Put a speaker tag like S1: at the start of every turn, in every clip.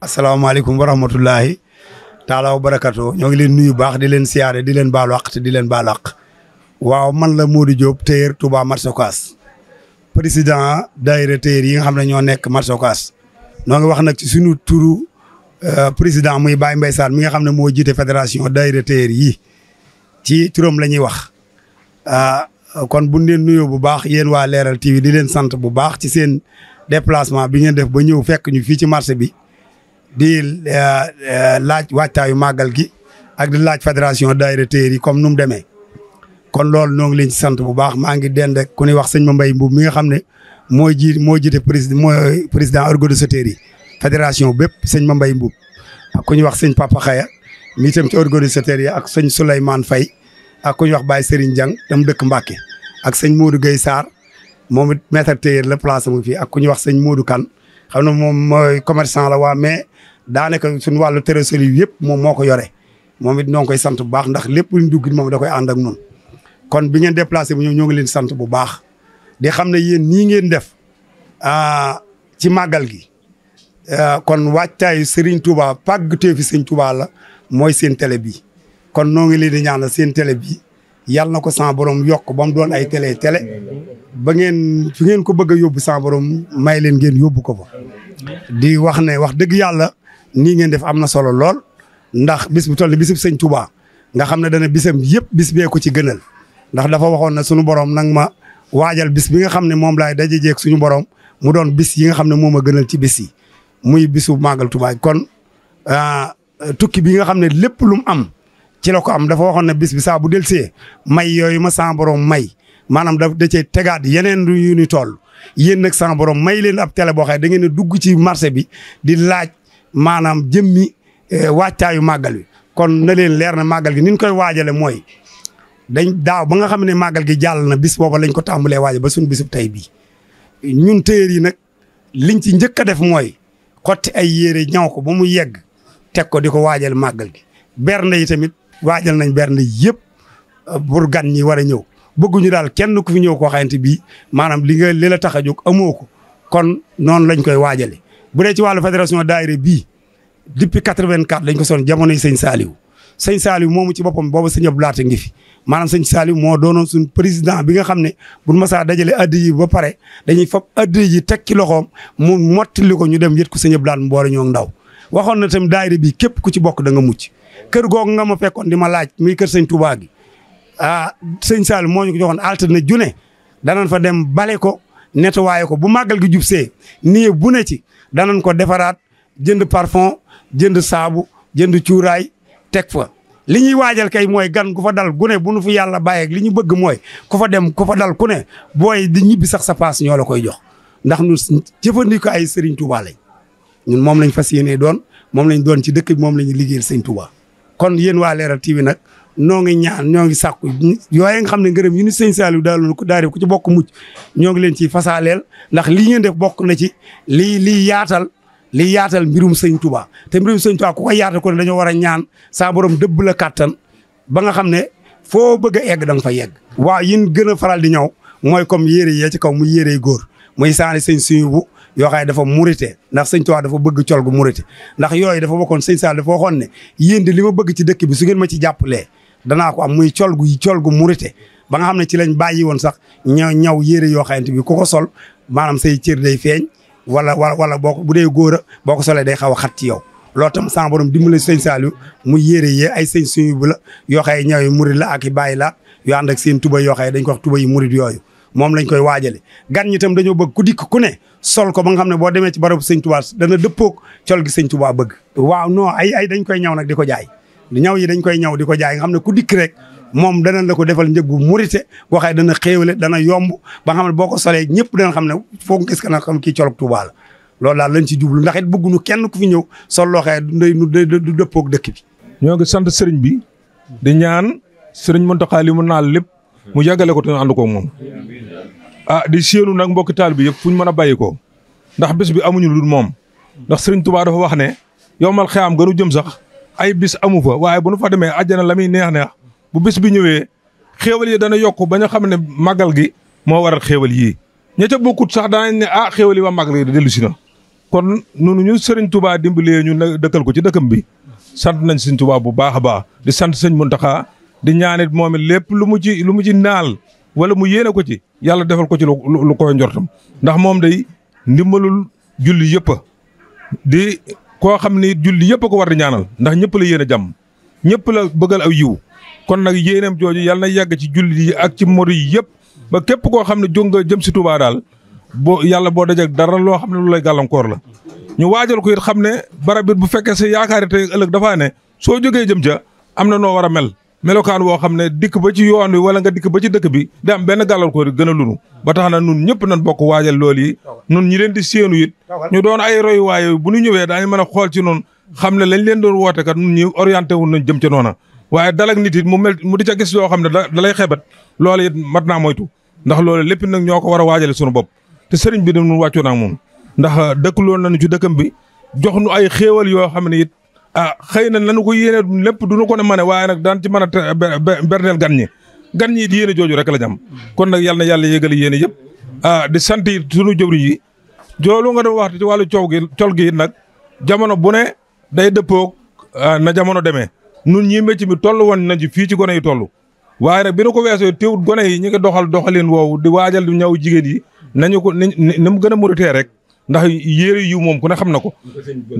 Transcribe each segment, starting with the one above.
S1: asalaamaaleykum wa rahmatullahi taala wa ñoo ngi leen nuyu baax di leen siyaare di leen baa àq di leen baalu àq waaw man la Modou Diop téyër Touba marché Ocass président daayira téyër yi nga xam ne ñoo nekk marché Ocass noo ngi wax nag ci suñu turu euh, président muy Baye Mbaye Sarr mi nga xam ne moo jiite fédération daayira téyër yi ci turam la ñuy wax euh, kon buñ leen nuyoo bu baax yéen waa Leral TV di leen sant bu baax ci seen déplacement bi ngeen def ba ñëw fekk ñu fii ci marché bi di euh, euh, laaj waajtaayu màggal gi ak di laaj fédération daayira téer yi comme nu mu demee. kon loolu noo ngi leen ci sant bu baax maa ngi dend ak ku ñuy wax sëñ ma mbay mbuub mi nga xam ne moo ji moo jiite président mooy président organisateur yi fédération bépp sëñ ma mbay mbuub ak ku ñuy wax sëñ Papa Xaya mi itam ci organisateur yi ak sëñ Souleymane Faye ak ku ñuy wax Baye Serigne Diang tam dëkk Mbacke ak sëñ Modou gay Sarr moom it maître la place mu fii ak ku ñuy wax sëñ Modou kan xam na moom mooy commerçant la waa mais daanaka suñu wàllu trésorerie yi yëpp moom moo ko yore moom it ñoo ngi koy sant bu baax ndax lépp luñ dugg moom da koy ànd ak noonu kon bi ngeen déplacé bu ñëw ñoo ngi leen sant bu baax di xam ne yéen nii ngeen def ah, ci màggal gi ah, kon waajtaayu Serigne tubaa pàgg teefi sëñ Touba la mooy seen télé bi kon noo ngi leen di ñaanal seen télé bi yàlla na ko sa borom yokk ba mu doon ay tele télé ba ngeen fi ngeen ko bëgg a yóbbu sa borom may leen ngeen yóbbu ko fa. di wax ne wax dëgg yàlla nii ngeen def am na solo lool ndax bis bu toll bis bisub sëñ Touba nga xam ne dana bisam yëpp bis bee ko ci gënal ndax dafa waxoon na sunu borom nag ma waajal bis bi nga xam ne moom laay daje jeeg suñu borom mu doon bis yi nga xam ne moom a gënal ci bisi yi muy bisu màggal Touba kon ah, tukki bi nga xam ne lépp lu mu am. ci la ko am dafa waxoon na bis bi saabu bu delsee may yooyu ma sa may maanam da dee cay tegaat yeneen yu ni toll yéen nag sa may leen ab télé boo xam ne da ngeen a dugg ci marché bi di laaj maanaam jëmmi eh, wàccaayu màggal wi. kon na leen leer na màggal gi ni ñu koy waajale mooy dañ daaw ba nga xam ne màggal gi jàll na bis booba lañ ko tàmbalee waaja ba suñ bisub tey bii ñun téer yi nag liñ ci njëkk a def mooy xotti ay yére ñaw ko ba mu yegg teg ko di ko waajal màggal gi waajal nañ bernde yëpp euh, pour gan ñi war a ñëw bëgguñu daal kenn ku fi ñëw koo xamante bi maanaam li nga li la tax a jóg amoo ko kon noonu lañ koy waajale bu dee ci wàllu fédération daayira bii depuis 84 lañ ko son jamono yi sëñ Saliou sëñ Saliou moomu ci boppam boobu sëñ Abdou Lahat ngi fi maanaam sëñ Saliou moo doonoon suñ président bi nga xam ne bu masaa dajale addi yi ba pare dañuy fab addi tek ci loxo mu mottali ko ñu dem yët ko sëñ Abdou Lahat mboole ñoo ndaw waxoon na tam daayira bi képp ku ci bokk da nga mucc kër googu nga ma fekkoon di ma laaj muy kër sëñ Touba gi ah sëñ Sall moo ñu ko joxoon altine junne fa dem bale ko nettoyé ko bu màggal gi jub see nii bu ne ci danañ ko defaraat jënd parfum jënd saabu jënd cuuraay teg fa. li ñuy waajal kay mooy gan ku fa dal gu ne bu nu fi yàlla bàyyeeg li ñu bëgg mooy ku fa dem ku fa dal ku ne booy di ñibbi sax sa paas ñoo la koy jox ndax ñun jëfandikoo ay Serigne Touba lañ ñun moom lañ fas yéenee doon moom lañ doon ci dëkk bi moom la ñu liggéeyal Serigne kon yéen waa Leral TV nag noo ngi ñaan ñoo ngi sàkku yooye nga xam ne ngërëm yu ni sëñ Saliou daalul ko daari ku ci bokk mucc ñoo ngi leen ciy fasaaleel ndax lii ngeen def bokk na ci lii lii yaatal li yaatal mbirum sëñ Touba te mbirum sëñ Touba ku ko yaatal ko ne dañoo war a ñaan saa borom dëbb la kàttan ba nga xam ne foo bëgg egg da nga fa yegg waaw yin gën a faral di ñëw mooy comme yére yee ci kaw mu yére góor muy saani sëñ suñu yoo xam ne dafa murite ndax sëñ Tuubaa dafa bëgg col gu murite ndax yooyu dafa bokkoon sëñ Saal dafa waxoon ne yéen li ma bëgg ci dëkk bi su ngeen ma ci jàppalee danaa ko am muy col gu col gu murite ba nga xam ne ci lañ bàyyi woon sax ñaw ñaw yére yoo xamante bi ku ko sol maanaam say cër day feeñ wala wala wala boo bu dee góor a boo ko solee day xaw a xat ci yow loolu tam sama borom dimbali sëñ Saliou mu yére yee ay sëñ suñu bu la yoo xay ñaw yi murid la ak i bàyyi la yo ànd ak seen tuba yoo xay dañ ko wax tuba yi yooyu moom lañ koy waajale gan ñi tam dañoo bëgg ku dikk ku ne sol ko ba nga xam ne boo demee ci barabu sëñ Tuubaa dana dëppoog col gi sëñ Tuubaa bëgg waaw non ay ay dañ koy ñaw nag di ko jaay ñaw yi dañ koy ñaw di ko jaay nga xam ne ku dikk rek moom dana la ko defal njëg bu murite boo xay dana xéewale dana yomb ba xam ne boo ko solee ñëpp dana xam ne foog gis ka na xam kii colog Tuubaa la loolu daal lañ ci jublu ndax it bëgguñu kenn ku fi ñëw sol loo xee du dëppook dëkk bi ñoo sant sëriñ bi
S2: di ñaan sëriñ Muntaxa li mu naal lépp mu yàggale ko te ànd koog moom. ah di séenu nag mbokki taal bi yëpp fuñ ñu mën a bàyyi ko ndax bis bi amuñu lu moom ndax sëriñ Touba dafa wax ne yowmal xiyaam gënu jëm sax ay bis amu fa waaye bu nu fa demee àjjana la muy neex neex bu bis bi ñëwee xéewal yi dana yokk ba ñu xam ne màggal gi moo waral xéewal yii. ña ca sax danañ ne ah xéewal yi waa màggal gi dellu si na kon nunu ñu sëriñ Touba dimbalee ñu dëkkal ko ci dëkkam bi sant nañ Serigne Touba bu baax a baax di sant sëñ Mountakha di ñaanit moom it lépp lu mu ci lu mu ci naal wala mu yéene ko ci yàlla defal ko ci lu lu koy njortam ndax moom day ndimbalul julli yëpp di koo xam ni julli yëpp ko war di ñaanal ndax ñëpp la yéene jàmm ñëpp la bëggal aw yiw kon nag yéeneem jooju yàlla na yàgg ci julli yi ak ci mori yi yëpp ba képp koo xam ne jóg nga jëm si tubaa daal boo yàlla boo dajek dara loo xam ne lu lay gàllankoor la ñu waajal ko it xam ne barab bi bu fekkee sa yaakaari tey ëllëg dafaa ne soo jógee jëm ca am na noo war a mel melokaan woo xam ne dikk ba ci yoon wi wala nga dikk ba ci dëkk bi da am benn gàllankoor gën a lunu ba tax na nun ñëpp nan bokk waajal lool yi nun ñi leen di séenu it ñu doon ay roy waaye bu ñu ñëwee daañu mën a xool ci noonu xam ne lañ leen doon woote kat nun ñi orienté wu nañ jëm ca noona waaye dalak nit it mu mel mu di ca gis yoo xam ne da lay xebat loolu it mat naa moytu ndax loolu lépp nag ñoo ko war a waajale suñu bopp te sëriñ bi dem nun wàccu naag moom ndax dëkk loolu nañu ci dëkkam bi jox nu ay xéewal yoo xam ne it ah xëy na lanu ko yéene lépp duñu ko ne mane waaye nag daan ci mën a berneel gan ñi gan ñii di yéene jooju rek la jam kon nag yal na yàlla yéegal yéene yëpp ah di sant sunu jëwriñ yi joolu nga doon wax ci wàllu coow gi col gi nag jamono bu ne day dëppoog ah, na jamono demee nun ñii métti mi toll woon nañ ci fii ci gone yi tollu waaye nag bi nu ko weesoo teewut gone yi ñu ngi doxal doxaliin woowu di waajal di ñaw jigéen yi nañu ko ni mu gën a muritee rek ndax yére yu moom ku ne xam na ko.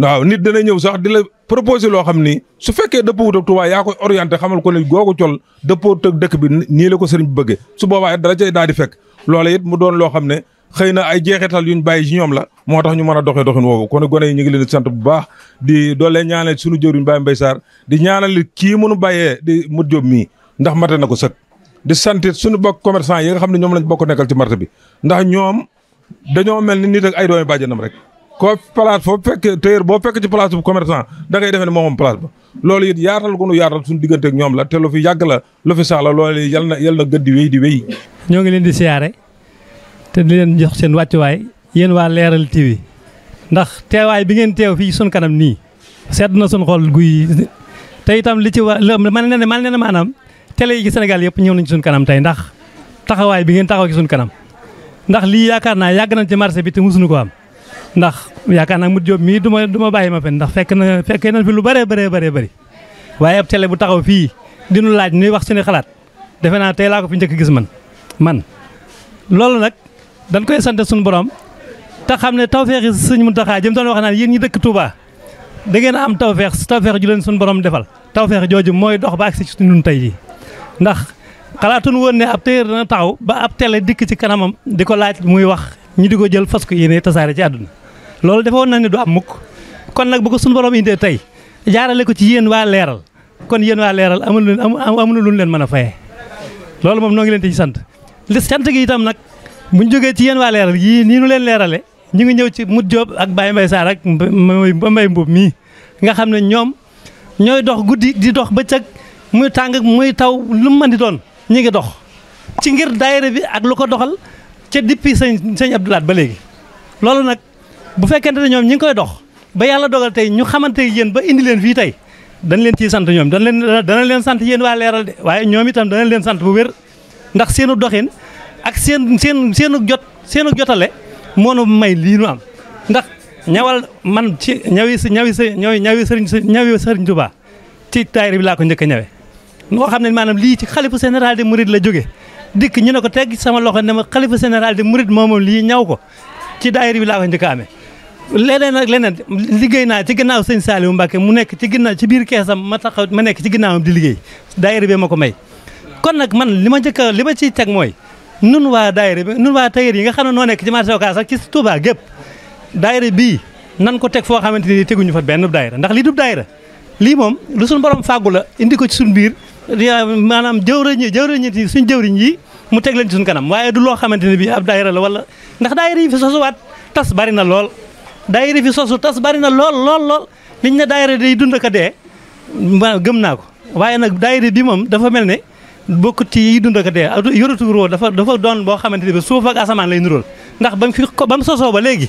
S2: waaw nit dana ñëw sax di la proposé loo xam ni su fekkee dëppoo wut ak Tuubaa yaa koy orienté xamal ko ne googu col dëppoo ak dëkk bi nii la ko sëriñ bu bëggee su boobaa it dara cay daal di fekk. loola it mu doon loo xam ne xëy na ay jeexital yuñ bàyyi ci ñoom la moo tax ñu mën a doxee doxin woowu kon gone yi ñu ngi leen sant bu baax di doolee ñaanal suñu jëwriñ Baye Mbaye Sarr di ñaanal kii mënu bàyyee di mut jóob mii ndax mate na ko sëkk di sant suñu bokk commerçant yi nga xam ne ñoom lañ bokk nekkal ci marché bi ndax dañoo mel ni nit ak ay doomi bàjjanam rek. koo place foo fekk téyër boo fekk ci place bu commerçant dangay ngay defe ne moom place ba loolu it yaatal gu nu yaatal suñu diggante ñoom la te lu fi yàgg la lu fi sax la loolu yal na yal na gëdd di wéy di wéy.
S3: ñoo ngi leen di siyaare te di leen jox seen wàccuwaay yéen waa leeral TV ndax teewaay bi ngeen teew fii sun kanam nii sedd na sun xool guy te itam li ci war man ne man ne maanaam télé yi ci Sénégal yëpp ñëw nañ ci kanam tey ndax taxawaay bi ngeen taxaw ci sun kanam. ndax lii yaakaar naa yàgg nañ ci marché bi te musuñu ko am ndax yaakaar naa Modou Diop mii du ma du ma bàyyi ma fen ndax fekk na fekkee nañ fi lu bëree bëree bare bëri waaye ab télé bu taxaw fii dinu laaj nuy wax suñu xalaat defe naa tey laa ko fi njëkk gis man man loolu nag dañ koy sant suñu borom te xam ne tawfeexi sëñ Muntaxa jëm doon wax naan yéen ñi dëkk Touba da ngeen a am tawfeex tawfeex ju leen suñu borom defal tawfeex jooju mooy dox ba agsi ci tey ji ndax xalaatuñu woon ne ab téer dana taxaw ba ab télé dikk ci kanamam di ko laaj muy wax ñu di ko jël fas ko yéene tasaare ci àdduna loolu defoon na ne du am mukk kon nag bu ko suñu borom indee tey jaarale ko ci yéen waa leeral kon yéen waa leeral amul leen amul lu leen mën a fayee loolu moom noo ngi leen di sant li sant gi itam nag buñ jógee ci yéen waa leeral yii nii nu leen leerale ñu ngi ñëw ci Modou Diop ak Baye Mbaye Sarr ak Mbaye Mboub mii nga xam ne ñoom ñooy dox guddi di dox bëccëg muy tàng muy taw lu mën di doon ñi ngi dox ci ngir daayira bi ak lu ko doxal ca depuis sëñ sëñ Abdou Lahad ba léegi loolu nag bu fekkente ne ñoom ñi ngi koy dox ba yàlla dogal tey ñu xamante yéen ba indi leen fii tey dañ leen ciy sant ñoom dañ leen dana leen sant yéen waa leeral de waaye ñoom itam danañ leen sant bu wér ndax seenu doxin ak seen seen seenu jot seenu jotale moo nu may lii nu am ndax ñawal man ci ñawi ñawi ñawi ñawi sëriñ ñawi sëriñ Tuubaa ci taayir bi laa ko njëkk a ñawe noo xam ne maanaam lii ci xalifa général de Mouride la jóge dikk ñu ne ko teg sama loxo ne ma xalifa général de Mouride moomoom lii ñaw ko ci daayira bi laa ko njëkk a amee leneen leneen liggéey naa ci ginnaaw sëñ Saliou Mbacke mu nekk ci ginnaaw ci biir keesam ma taxaw ma nekk ci ginnaawam di liggéey daayira bi ma ko may kon nag man li ma njëkk li ma ciy teg mooy nun waa daayira bi nun waa tailleur yi nga xam ne noo nekk ci marché Ocass ak ci Touba gépp daayira bii nan ko teg foo xamante ni teguñu fa benn daayira ndax lii du daayira lii moom lu suñu borom fàggu la indi ko ci suñu biir maanaam jëwriñ yi jëwriñ yi suñ jëwriñ yi mu teg leen ci suñ kanam waaye du loo xamante ne bii ab daayira la wala ndax daayira yi fi sosuwaat tas bari na lool daayira fi sosu tas bari na lool lool lool liñ ne daayira day dund ak dee gëm naa ko waaye nag daayira bi moom dafa mel ne bokkut ci yi dund ak a dee yoratu roo dafa dafa doon boo xamante ne bii suuf ak asamaan lay nuróol ndax ba mu fi ba mu sosoo ba léegi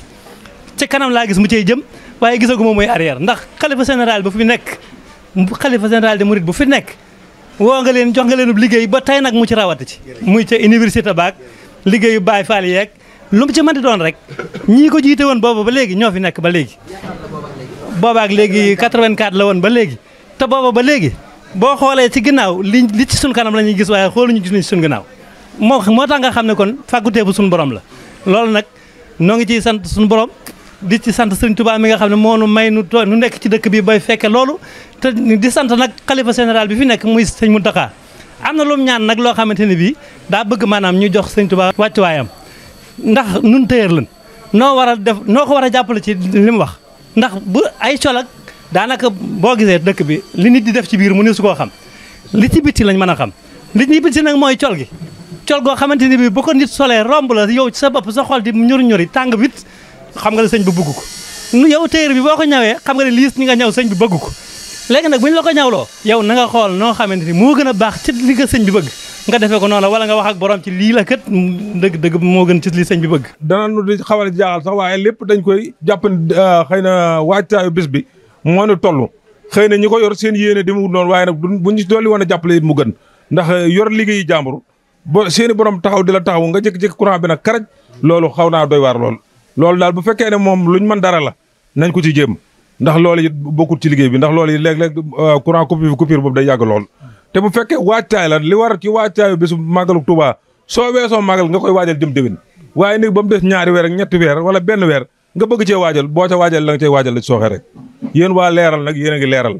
S3: ci kanam laa gis mu cey jëm waaye gisaguma mooy arrière ndax xalifa général bu fi nekk xalifa général de Mouride bu fi nekk woo nga leen jox nga leen liggéey ba tey nag mu ci rawati ci muy ca université baag liggéeyu Baay Faal yeeg lu mu ci mën di doon rek ñii ko jiite woon booba ba léegi ñoo fi nekk ba léegi boobaak léegi 84 la woon ba léegi te booba ba léegi boo xoolee ci ginnaaw li li ci suñ kanam la ñuy gis waaye xooluñu gis nañ ci ginnaaw moo moo tax nga xam ne kon fàggutee bu suñ borom la loolu nag noo ngi ciy sant suñu borom di ci sant sëñ Touba mi nga xam ne moo nu may nu too nu nekk ci dëkk bi bay fekke loolu te di sant nag xalifa général bi fi nekk muy sëñ mu Mountakha am na lu ñaan nag loo xamante ne bii daa bëgg maanaam ñu jox Serigne Touba wàccuwaayam ndax nun téyër lan noo war a def noo ko war a jàppale ci li mu wax ndax bu ay colak daanaka boo gisee dëkk bi li nit di def ci biir mu ne su koo xam li ci bitti lañ mën a xam li ci bitti nag mooy col gi col goo xamante ni bii bu ko nit solee romb la yow sa bopp sa xol di ñur ñuri tàng bit xam nga ne sëñ bi bëgg ko nu yow téere bi boo ko ñawee xam nga ne liis ñi nga ñaw sëñ bi bëggu ko léegi nag bu ñu la ko ñawloo yow na nga xool noo xamante ni moo gën a baax ci li sëñ bi bëgg nga defee ko noonu wala nga wax ak borom ci lii la kat dëgg dëgg moo
S2: gën ci li bi bëgg dana nu di xawale jaaxal waaye lépp dañ koy jàpp euh, xëy na waajtaayu bis bi moo nu toll xëy na ñi ko yor seen yéene demewul noonu waaye nag bu ñu dolli woon a jàppale it mu gën ndax euh, yor liggéeyu jàmbur bo seen borom taxaw di la taxaw nga jékki-jékki courant bi nag karaj loolu xaw naa doy waar loolu loolu daal bu fekkee ne moom luñ mën dara la nañ ko ci jéem ndax loolu it bokkul ci liggéey bi ndax loolu yi léeg-léeg euh, courant coupure coupure boobu day yàgg lool. te bu fekkee waajtaay la li war ci waajtaayu bésu màggalu tubaa soo weesoo màggal nga koy waajal jëm déwén waaye nag ba mu des ñaari weer ak ñetti weer wala benn weer nga bëgg cee waajal boo ca waajal la nga cay waajal la ci sooxee rek yéen waa leeral nag yéen a ngi leeral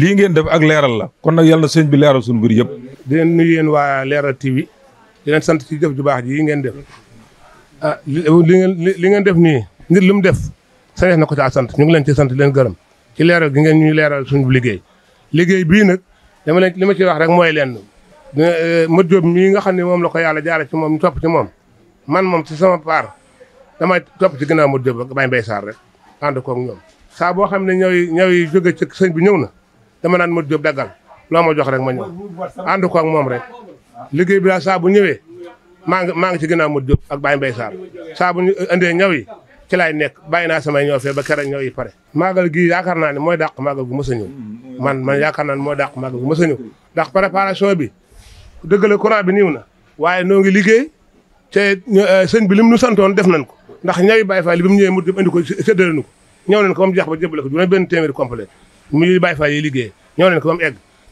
S2: lii ngeen def ak leeral la kon nag yàlla na bi leeral
S4: suñu mbir yëpp. di leen yéen waa leeral TV di sant ci jëf ju baax ji ngeen def ah li ngeen li ngeen def nii nit lu mu def sanees na ko caa sant ñu ngi leen ci sant leen gërëm ci leeral gi ngeen ñu leeral suñu liggéey liggéey bii nag dama leen li ma ci wax rek mooy leen eh, Modou Diop mii nga xam ne moom la ko yàlla jaare ci moom copp ci moom man moom ci sama part dama topp ci ginnaaw Modou Diop ak Baye Mbaye Sarr rek ànd koog ñoom saa boo xam ne ñooy ñooy jóge ci sëñ bi ñëw na dama naan Modou job daggal loo ma jox rek ma ñëw ànd koog moom rek liggéey bi saa maa ngi maa ngi ci ginnaaw Modou Diop ak Baye Mbaye Sarr saa bu ñu indee ñaw yi ci laay nekk bàyyi naa samay ñëw fee ba keroog ñëw yi pare. màggal gi yaakaar naa ne mooy dàq màggal gu mës sa ñëw man man yaakaar naa ne mooy dàq gu mës a ñëw ndax préparation bi dëgg ko raa bi niiw na waaye noo ngi liggéey te eh, sëñ bi lim nu santoon def nañ ko ndax ñawi Baye Fall yi bi mu ñëwee Modou Diop indi ko séddale nu ko ñëw nañ ko ba mu jeex ba jëbale ko juróom benn téeméeri complet muy Baye Fall yi liggéey ñëw nañ ko ba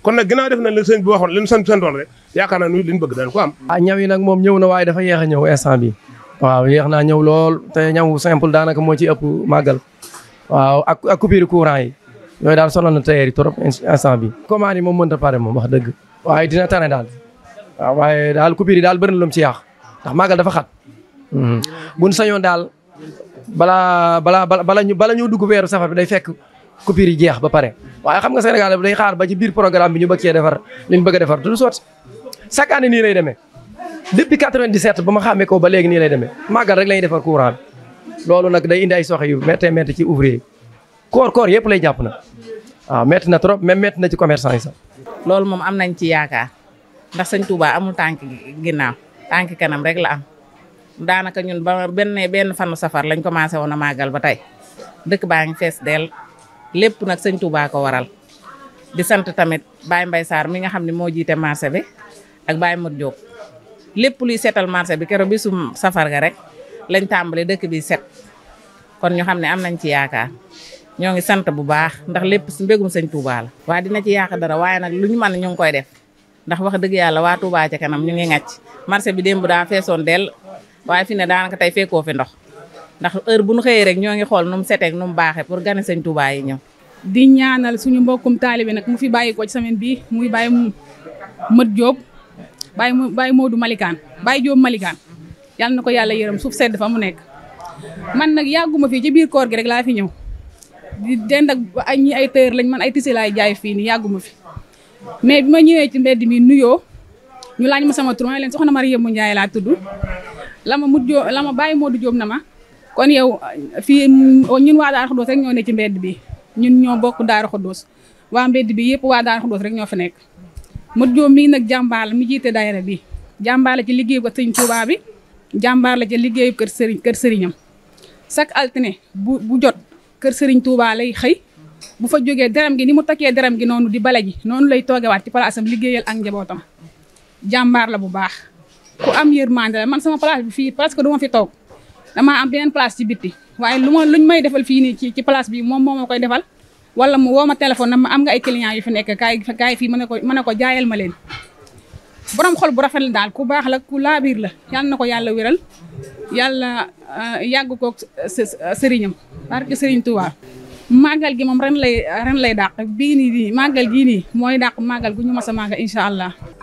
S4: kon nag def nañ la sëñ bi
S3: waxoon li ñu rek yaakaar naa ni li ñu bëgg daan a am. ah ñaw yi nag moom ñëw na waaye dafa yéex a ñëw instant bi waaw yéex naa ñëw lool te ñaw simple daanaka moo ci ëpp màggal waaw ak ak coupure courant yi yooyu daal sonal na tailleur yi trop instant bi commande moom mënut a pare moom wax dëgg waaye dina tane daal waaw waaye daal coupure yi daal bëri na lu mu ci yàq ndax màggal dafa xat hmm. buñ sañoon daal balaa balaa bala ñu bala ñu dugg weeru safar bi day fekk coupure yi jeex ba pare waaye xam nga Sénégal day xaar ba ci biir programme bi ñu bëggee defar liñ bëgg a defar du sotti chaque année nii lay demee depuis 97 ba ma xàmmee ko ba léegi nii lay demee màggal rek lañuy defar courant bi loolu nag day indi ay soxe yu méttee métti ci ouvrier koor koor yëpp lay jàpp na waaw métti na trop même métti na ci commerçant yi sax.
S5: loolu moom am nañ ci yaakaar ndax sëñ Touba amul tànk ginnaaw tànk kanam rek la am daanaka ñun ba benn benn fanu safar lañ commencé woon a màggal ba tey lépp nag sëñ Touba ko waral di sant tamit baay mbay saar mi nga xam ne moo jiite marché bi ak baay Modou Diop lépp luy setal marché bi keroog bisu safar ga rek lañ tàmbale dëkk bi set kon ñu xam ne am nañ ci yaakaar ñoo ngi sant bu baax ndax lépp mbégum sañ Touba la. waa dina ci yàq dara waaye nag lu ñu man ñu ngi koy def ndax wax dëgg yàlla waa Touba ca kanam ñu ngi ŋàcc marché bi démb daa feesoon dell waaye fi ne daanaka tey fekkoo fi ndox. ndax heure bu nu xëyee rek ñoo ngi xool nu mu seteeg nu mu baaxee pour gane sëñ Touba yi di ñaanal suñu mbokkum taalibe nag mu fi bàyyi ko ci semaine bii muy bàyyi Mët Diop bàyyi mu bàyyi Modou Malikaan bàyyi Diop Malikaan yàlla na ko yàlla yërëm suuf sedd fa mu nekk. man nag yàgguma fii ci biir koor gi rek laa fi ñëw di dend ak ay ñi ay lañ man ay tisi jaay fii nii yàgguma fi mais bi ma ñëwee ci mbedd mi nuyoo ñu laaj ma sama tur ma ne leen soxna Mariama Ndiaye laa tudd la ma mujjoo la ma bàyyi Modou Diop na ma. kon yow fii ñun waa Darou Khoudoss rek ñoo ne ci mbedd bi ñun ñoo bokk Darou Khoudoss waa mbedd bi yëpp waa Darou Khoudoss rek ñoo fa nekk Modou Diop mii nag jàmbaar la mi jiite daayira bi jàmbaar ci liggéey ba sëñ Touba bi jàmbaar la ci kër sëriñ kër sëriñam chaque altine bu bu jot kër sëriñ Touba lay xëy bu fa jógee deram gi ni mu takkee deram gi noonu di bale ji noonu lay toogewaat ci palaasam liggéeyal ak njabootam jàmbaar la bu baax ku am yërmande la man sama place bi fii parce que du fi toog damaa am beneen place ci bitti waaye lu ma luñ may defal fii nii ci ci place bi moom moo ma koy defal wala mu woo ma téléphone na ma am nga ay clients yu fi nekk kaay kaay fii ko mën na ko jaayal ma leen borom xol bu rafet la daal ku baax la ku laabiir la yàlla na ko yàlla wéral yàlla euh, yàgg kook ko sëriñam barke sëriñ Tuubaa màggal gi moom ren lay ren lay dàq bii nii nii màggal gii nii mooy dàq màggal gu ñu mas a màggal incha allah